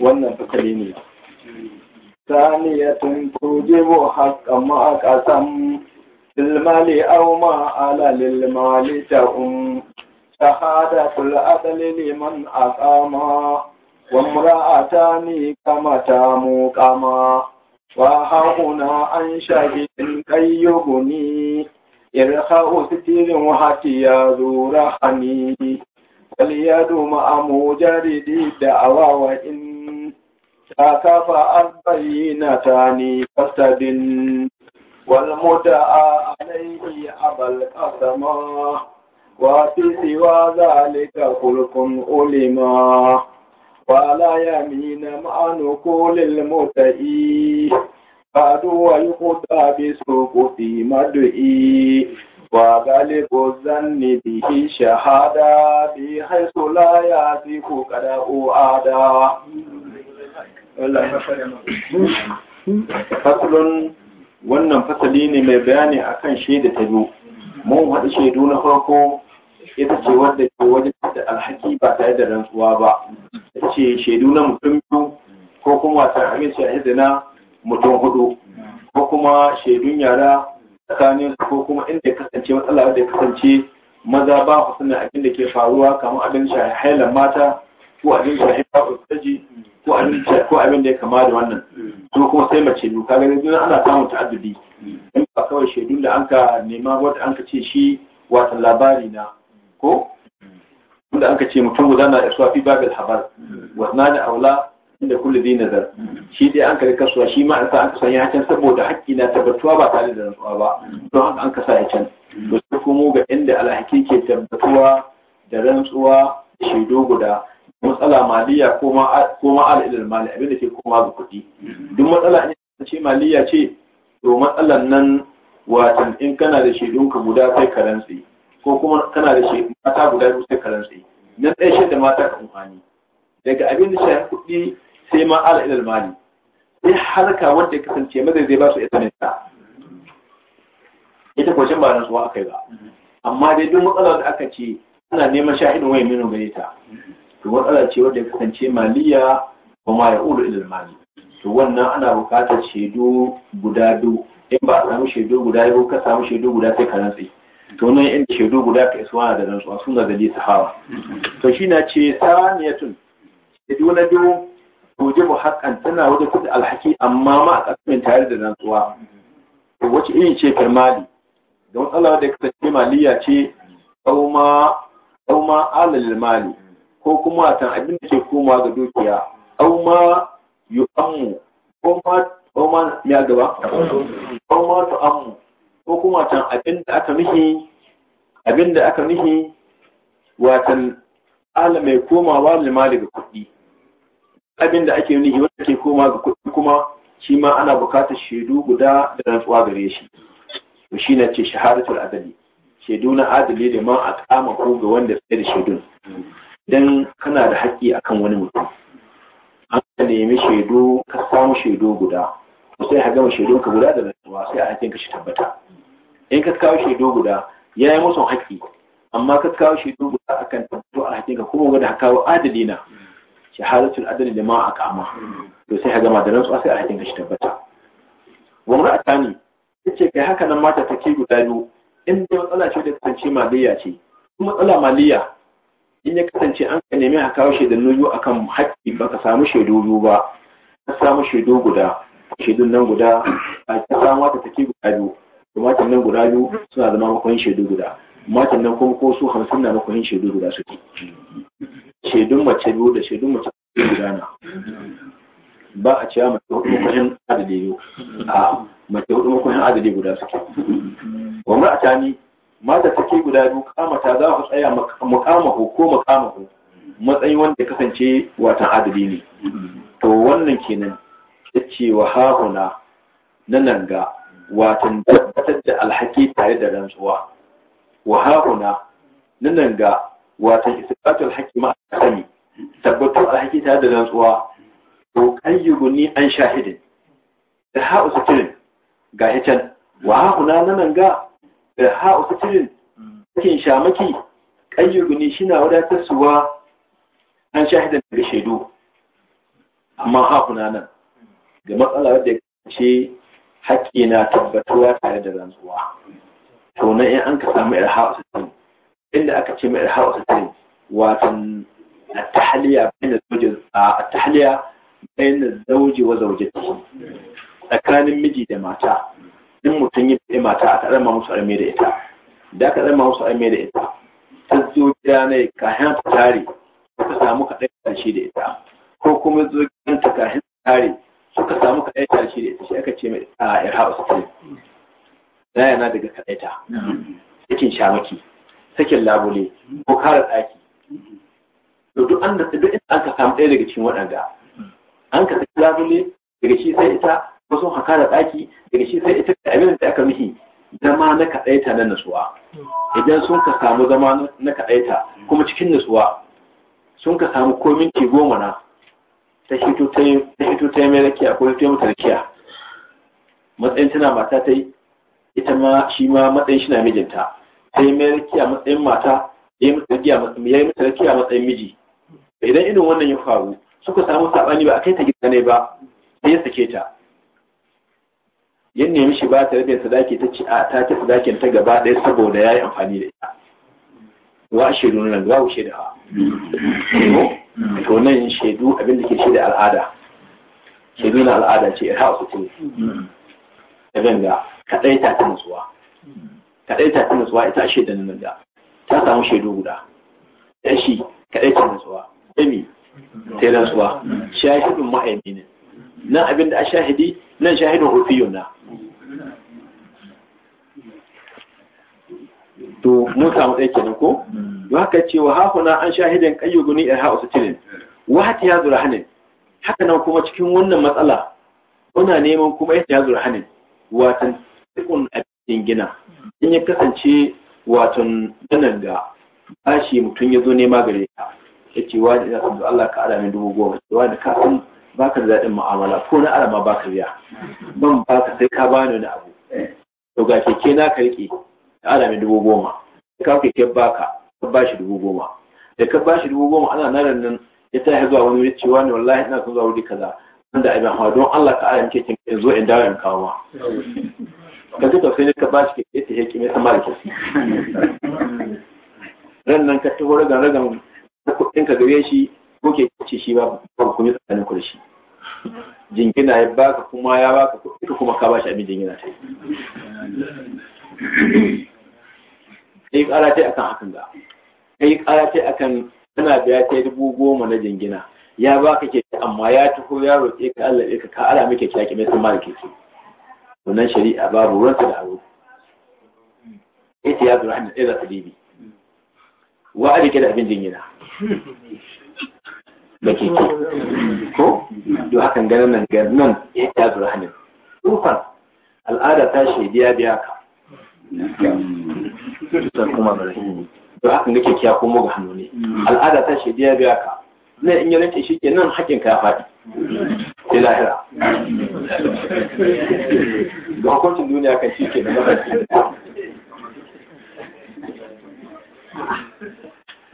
wannan fitali ne saniyatun tujibu haqqan ma qasam bil mali aw ma ala lil mali ta'um shahada kul adli liman aqama wa mura'atani kama tamu kama wa hauna an shahidin kayyuhuni irhau sitirin wahati ya zura hani waliyadu ma'amu jaridi da awawa inna Ka kafa albashin nata ne a kasadin. Walmota a alaihi abal kasama. Wa tsitsiwa za a riƙa kurkun ule ma. Bala ya minam ano ko lal muka yi. Ka tawaye hota Wa balegos zan yi shahada. bi haisu la'ya jiku kada uwa ada. fasalon wannan fasali ne mai bayani akan shaida ta biyu mun haɗu shaidu na farko ita ce wadda ke wajen da alhaki ba tare da rantsuwa ba ita ce shaidu na mutum biyu ko kuma ta aminci a na mutum hudu ko kuma shaidun yara tsakanin ko kuma inda ya kasance matsala da ya kasance maza ba ku sanin abin da ke faruwa kamar abin shahilan mata ko abin shahilan ba ko abinci ko abin da ya kama da wannan to kuma sai mace biyu kaga dai ana samun ta'addudi in ba kawai shaidu da anka nema wata anka ce shi wata labari na ko wanda anka ce mutum guda na isuwa fi babil habar wasna da aula inda kullu dai nazar shi dai anka rika suwa shi ma an sa sanya hakan saboda haƙƙi na tabbatuwa ba tare da rantsuwa ba don haka anka sa hakan to sai kuma ga inda alhaki ke tabbatuwa da rantsuwa shaidu guda matsala maliya ko ma ilil mali abinda ke koma ga kuɗi duk matsala in ta ce maliya ce to matsalan nan watan in kana da ka guda sai ka rantsi ko kuma kana da shaidun mata guda biyu sai ka rantsi nan ɗaya shaida mata ka amfani daga abinda shi shafi kuɗi sai ma ilil mali sai harka wanda ya kasance mazai zai ba su ne ta ita kwacin ba aka yi ba amma dai duk matsalar da aka ce ana neman shahidin wayan minu gare ta to matsala ce wadda ya kasance maliya ba ma ya ulu ilil mali to wannan ana buƙatar shaidu guda biyu in ba a samu shaidu guda biyu ka samu shaidu guda sai ka rantsi to nan inda shaidu guda ka isuwa da rantsuwa suna da gani sahawa to shi na ce saniyatun shaidu na biyu tujibu haƙƙan tana wajen kuɗi alhaki amma ma a ƙasmin tare da rantsuwa to wace irin ce mali. Da Allah da ya kasance maliya ce kauma ɗauma alalil mali ko kuma watan abin da ke komawa ga dukiya au ma yu ammu ko ma ko ma ya gaba ko ma tu ammu ko kuma watan abin da aka mihi abin da aka mihi watan ala mai komawa limali ga kuɗi abin da ake nihi wanda ke koma ga kuɗi kuma shi ma ana bukatar shaidu guda da rantsuwa gare shi to shi na ce shahadatul adali shaidu na adali da ma a kama ko ga wanda sai da shaidun idan kana da haƙƙi akan wani mutum an ka nemi shaidu ka samu shaidu guda to sai ka gama shaidu ka guda da rantsuwa sai a hakinka ka shi tabbata in ka kawo shaidu guda ya yi musu haƙƙi amma ka kawo shaidu guda akan tabbatu a haƙƙin ka kuma da ka kawo adali na shahadatul adali da ma a kama to sai ka gama da rantsuwa sai a hakinka ka shi tabbata wa mura'atani yace kai haka nan mata take guda biyu in da matsala ce da kasance maliya ce matsala maliya in ya kasance an ka nemi a kawo nuyu a akan haƙƙi ba ka samu shaidu biyu ba ka samu shaidu guda shaidun nan guda a ta samu ta take guda biyu Tumatir matan nan guda biyu suna zama makon shaidu guda matan nan kuma ko su hamsin na makon shaidu guda suke shaidun mace biyu da shaidun mace guda na ba a cewa mace hudu makon adadi biyu a mace hudu makon adadi guda suke wa mura'ata ni mata take guda biyu kamata za ku tsaya mukamahu ko mukamahu matsayin wanda ya kasance watan adali ne to wannan kenan yace wa hahuna na nan ga watan tabbatar da alhaki tare da rantsuwa wa hahuna na nan ga watan isbatu alhaki ma sani tabbatar alhaki tare da rantsuwa to ni an shahidin da ha'u sakirin ga hican wa hahuna na nan ga da ha'u fitirin cikin shamaki ƙayyuguni shina wadatar suwa an shahida da shaidu amma ha'una nan ga matsala da ce haƙƙi na tabbatuwa tare da rantsuwa to na in an ka samu irha'u sittin inda aka ce mai irha'u sittin watan التحلية بين الزوج التحلية بين الزوج وزوجته tsakanin miji da mata in mutum ya mata a karama musu arme da ita da aka zama musu arme da ita ta zo gida ne hin ta tare suka samu kaɗai tashi da ita ko kuma zo gidan ta kayan ta tare suka samu kaɗai tashi da ita shi aka ce mai a su ce na yana daga kaɗai ta sakin shamaki sakin labule ko kara ɗaki to duk an da duk an ka samu ɗaya daga cikin waɗanda an ka saki labule daga shi sai ita wasu haka da ɗaki daga shi sai ita abin da aka mihi zama na kaɗaita na nasuwa idan sun ka samu zama na kaɗaita kuma cikin nasuwa, sun ka samu ko minti goma na ta hito ta yi mai rakiya ko hito mata rakiya matsayin tana mata ta yi ita ma shi ma matsayin shi na mijinta ta yi mai rakiya matsayin mata ya yi mata rakiya matsayin miji idan irin wannan ya faru suka samu saɓani ba a kai ta gida ne ba sai ya sake ta yin nemi shi ba ta da sadaki ta ci a ta ci sadakin ta gaba ɗaya saboda ya yi amfani da ita wa shaidu nan wa shaida ha to nan shaidu abin da ke shaida al'ada shaidu na al'ada ce ya irha su ce abin da kaɗai ta ta nutsuwa kaɗai ta ta nutsuwa ita shaida nan da ta samu shaidu guda ɗan shi kaɗai ta nutsuwa ɗami sai rantsuwa shahidun ma'aimi ne nan abin da a shahidi nan shahidun rufiyo na to Musa samu ɗaya kenan ko haka cewa hakuna an shahidan hausa ce ustilin wa hati ya zura hanin haka nan kuma cikin wannan matsala muna neman kuma ya zura hanin watan tikun a gina in ya kasance watan danar da bashi mutum ya zo nema gare ka ya ce wa da Allah ka min dubu goma wa da ka ba ka da daɗin mu'amala ko na arama ba ka biya ban ba ka sai ka bani wani abu to ga keke na ka riƙe da alamin dubu goma da ka keke ba ka ka ba shi dubu goma da ka ba shi dubu goma ana nan nan ya tashi zuwa wani wuri cewa ne wallahi ina son zuwa wuri kaza wanda abin hawa don Allah ka ayyance keke in zo in dawo in kawo ma ka duka sai ka ba shi keke ta yake mai sama da ran nan ka taho ragan ragan kuɗin ka gare shi ko ke ce shi ba ba ku yi tsakanin ku da shi jingina ya baka kuma ya baka kuɗi kuma ka bashi abin jingina ta yi sai ƙara ta akan hakan ga yi kara ta akan tana biya ta dubu goma na jingina ya baka ke amma ya taho ya roƙe ka Allah ka ka ala miki kyaki mai san ke ce wannan shari'a babu ruwanta da abu ita ya zura hannun ɗaya za ta dibi wa a da abin jingina da ke ko don hakan ganin nan ganin ya yi tabi rahanin al'ada ta shaidiya biya ka sun kuma Ibrahim don hakan da kiya komo ga hannu ne al'ada ta shaidiya biya ka na in yalanci shi ke nan hakin ka faɗi sai lahira da hukuncin duniya kan shi na mafarki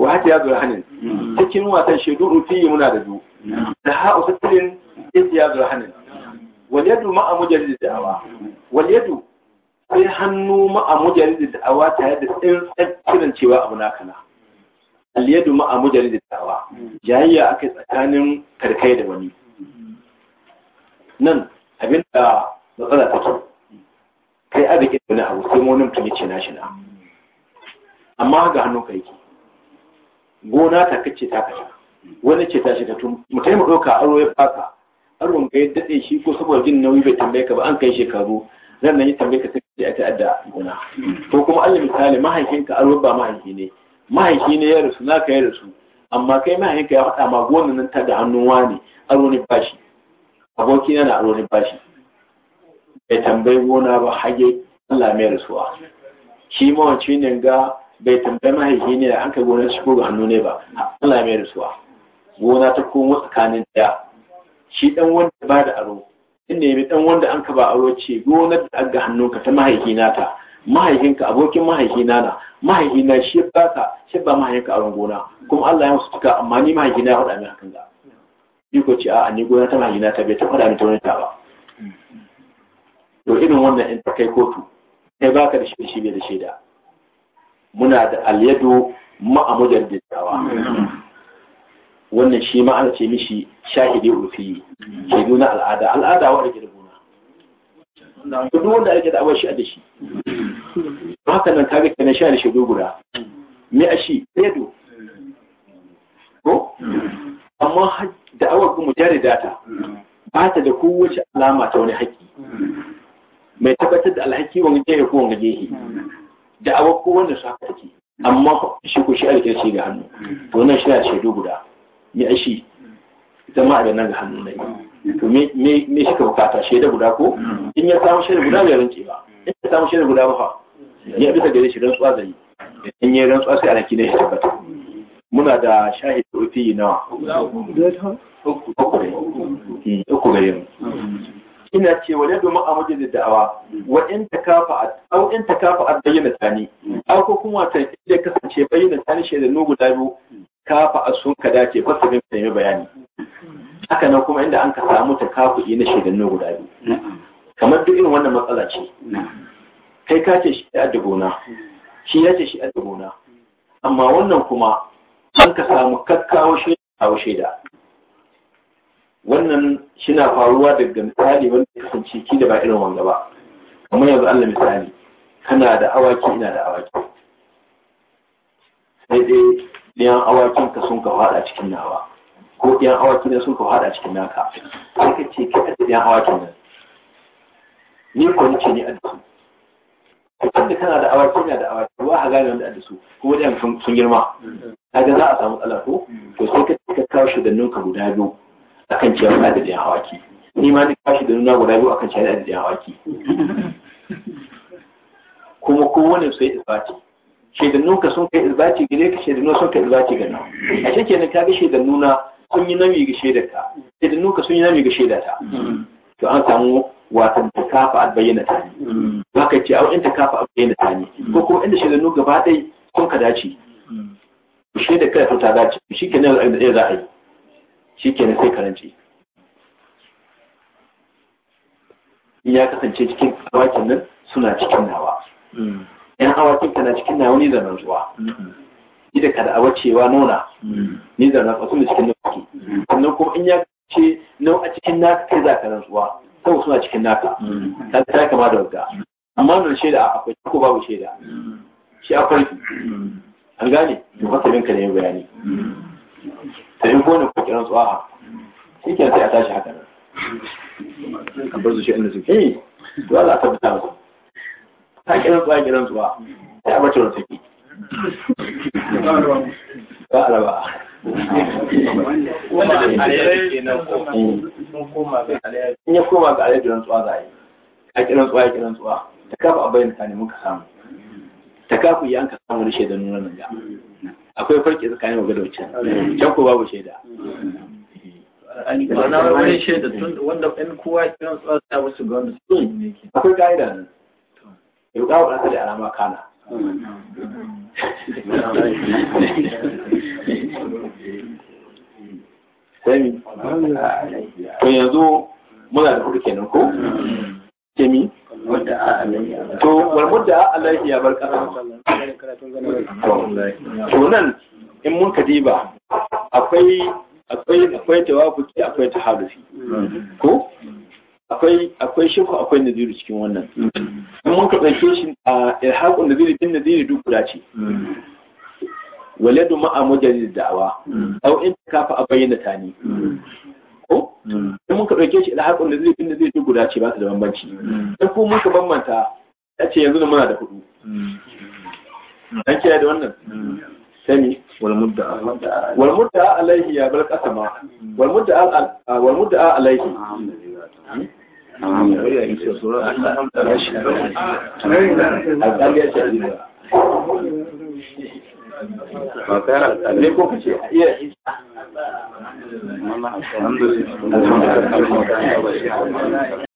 wa hati ya zura hanin hmm. cikin wasan shaidu rufiyi muna da du hmm. da ha'u sittin isi ya zura hanin waliyadu ma'a mujalli da'awa waliyadu sai hannu ma'a da da'awa tare da tsintsar kiran cewa abu na kana aliyadu ma'a mujalli da'awa jayayya aka tsakanin karkai da wani nan abinda matsala ta ke, kai arziki da wani abu sai wani mutum ya ce na shi na amma ga hannu ka yake gona ta kace ta kata wani ce ta shiga tun mutai mu ɗauka aro ya baka aron ga ya daɗe shi ko saboda jin nauyi bai tambaye ka ba an kai shekaru zan nan yi tambaye ka a ta ta'adda gona ko kuma allah misali mahaifinka aro ba mahaifi ne mahaifi ne ya rasu naka ya rasu amma kai mahaifinka ya faɗa ma gonan nan ta da hannun wani aro ne bashi aboki na aro ne bashi bai tambayi gona ba hage Allah mai rasuwa shi mawancin ne ga bai tambayi mahaifi ne da an kai gonar shi ko ga hannu ne ba Allah mai rasuwa gona ta komo tsakanin da shi dan wanda ba da aro in mai dan wanda an ka ba aro ce gonar da aga hannunka ta mahaifi ta mahaifinka abokin mahaifi na mahaifina shi ba ka shi ba mahaifinka aron gona kuma Allah ya musu tuka amma ni mahaifina ya faɗa min hakan da ni ko ce a ni gona ta na ta bai ta faɗa mai ta wani ta ba to irin wannan in ta kai kotu kai baka da shi bai da shaida muna da alyado ma'amudan dattawa wannan shi ma ana ce mishi shahidi urfi ke na al'ada al'ada wa ake da gona duk wanda ake da abuwa shi a da shi haka nan kaga kenan sha da shaidu guda me a shi yado ko amma da awar kuma jari data ba ta da kowace alama ta wani haƙƙi mai tabbatar da alhaki wani gehe ko wani gehe da awa kowanne su haka take amma shi ko shi alƙirci ga hannu to nan shi na shaidu guda ya shi, zama a nan ga hannu na yi to me shi ka bukata da guda ko in ya samu da guda bai rance ba in ya samu da guda ba fa ya bisa da shi rantsuwa zai in ya rantsuwa sai alhaki ne shi tabbata muna da shahid ofi nawa hmm, uku gare mu ina ce wa yadda ma amudi da da'awa wa in takafa au in takafa an bayyana tani ko kuma ta da kasance bayyana tani shi da nugu guda biyu kafa asun ka dace fasa bin mai bayani haka nan kuma inda an ka samu takafu na nu guda biyu kamar duk irin wannan matsala ce kai ka ce shi a dubona shi ya ce shi a dubuna amma wannan kuma an ka samu kakkawo shi kawo shaida wannan shina faruwa daga misali wanda ya kasance ki da ba irin wanga ba kamar yanzu Allah misali kana da awaki ina da awaki sai dai ɗiyan awakin ka sun ka fada cikin nawa ko ɗiyan awaki sun ka fada cikin naka sai ka ce kai da ɗiyan awakin nan ni ko ni ce ni a dasu kusan da kana da awaki ina da awaki wa a gane wanda a dasu ko wajen sun girma kaga za a samu matsala ko to sai ka kawo shugabannin ka guda biyu akan cewa na da hawaki ni ma ni kashi da nuna guda biyu akan cewa na da hawaki kuma kowane su yi isbati shaidannu ka sun kai isbati gare ka shaidannu sun kai isbati ga nan a shi kenan ka ga shaidannu na sun yi nami ga shaidar ka shaidannu ka sun yi nami ga shaidar ta to an samu wasan ta kafa a bayyana ta ne ba ka ce a wajen ta kafa a bayyana ta ne ko kuma inda shaidannu gaba ɗaya sun ka dace shaidar ka to ta dace shi kenan ya za a yi shikenan sai karanci in ya kasance cikin awakin nan suna cikin nawa yan mm. awakin ka na cikin nawa ni da rantsuwa mm-hmm. ni da ka da awacewa nuna mm. ni da rantsuwa suna cikin nawa mm. sannan kuma in ya ce nau a cikin naka kai za ka rantsuwa sau suna cikin naka ta ta kama da wuta amma nan shaida akwai ko babu shaida shi akwai an gane to fasalin ka yin bayani ne ko kiran su a'a shi ke sai a tashi haka nan a bar su shi inda suke eh to Allah ta bata musu ta kiran su a kiran su sai a bar su suke ba alaba wannan ke nan koma ga in ya koma ga alayyar kiran tsuwa za a yi a kiran tsuwa ya kiran tsuwa ta kafa abai ta ne muka samu ta kafa yi an ka samu da nuna nan ga akwai farki tsakanin wa da wancan can ko babu shaida ma'ana wani shaida wanda in kowa kiran tsawon ta wasu ga wanda su akwai ka'ida nan yau kawo ƙasa da alama kana sami ko yanzu muna da kudu kenan ko kemi to wal mudda alaihi ya bar kasa to nan in mun ka diba akwai akwai akwai tawafuki akwai taharufi mm-hmm. ko akwai akwai shehu akwai nadiru cikin wannan mm-hmm. in mun ka ɗauke shi a ilhaqun nadiru bin nadiru duk guda ce mm-hmm. waladu ma'a mujarrid da'awa aw in kafa a bayyana tani ko in muka ɗauke shi da zai inda zai ji guda ce ba su da bambanci in ko muka bambanta ya ce yanzu muna da hudu an kiyaye da wannan sani walmudda alaihi ya bar kasama walmudda alaihi Amin. Maka ne ko kace? Iya. Alhamdulillah.